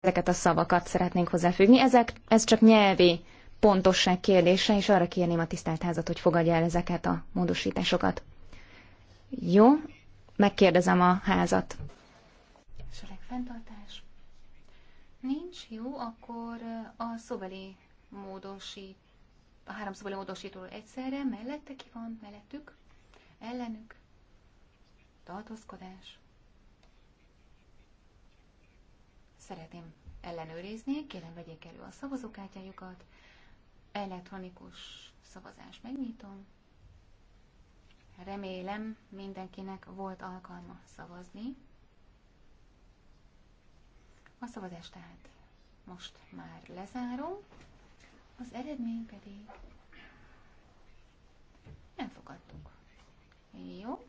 ezeket a szavakat szeretnénk hozzáfüggni. Ezek, ez csak nyelvi pontosság kérdése, és arra kérném a tisztelt házat, hogy fogadja el ezeket a módosításokat. Jó, megkérdezem a házat. Sereg fenntartás? Nincs, jó, akkor a szobeli módosít, a három szobeli módosítóról egyszerre, mellette ki van, mellettük, ellenük, tartózkodás, szeretném ellenőrizni, kérem vegyék elő a szavazókártyájukat, elektronikus szavazás megnyitom. Remélem mindenkinek volt alkalma szavazni. A szavazást tehát most már lezárom, az eredmény pedig elfogadtuk. Jó,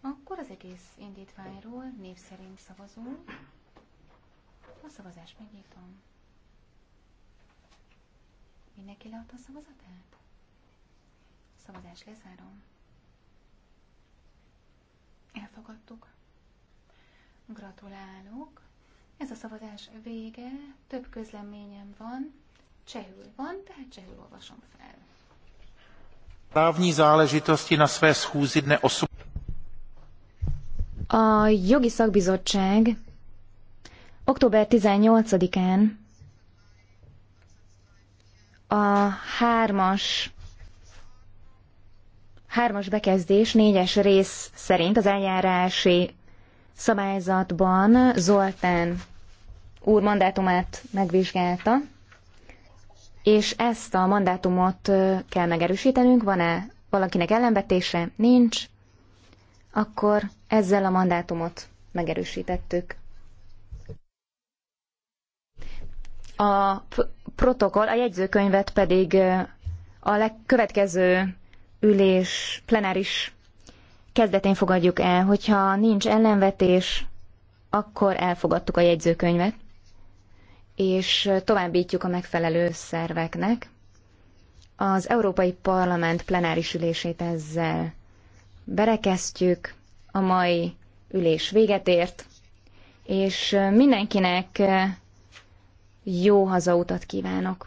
akkor az egész indítványról név szerint szavazunk. A szavazást megnyitom. Mindenki leadta a szavazatát? Szavazás szavazást lezárom. Elfogadtuk. Gratulálok. Ez a szavazás vége. Több közleményem van. Csehül van, tehát csehül olvasom fel. Právní záležitosti na své schůzi dne 8. A jogi szakbizottság Október 18-án a hármas hármas bekezdés négyes rész szerint az eljárási szabályzatban Zoltán úr mandátumát megvizsgálta, és ezt a mandátumot kell megerősítenünk, van-e valakinek ellenvetése? Nincs. Akkor ezzel a mandátumot megerősítettük. a protokoll, a jegyzőkönyvet pedig a legkövetkező ülés plenáris kezdetén fogadjuk el, hogyha nincs ellenvetés, akkor elfogadtuk a jegyzőkönyvet, és továbbítjuk a megfelelő szerveknek. Az Európai Parlament plenáris ülését ezzel berekeztjük, a mai ülés véget ért, és mindenkinek jó hazautat kívánok!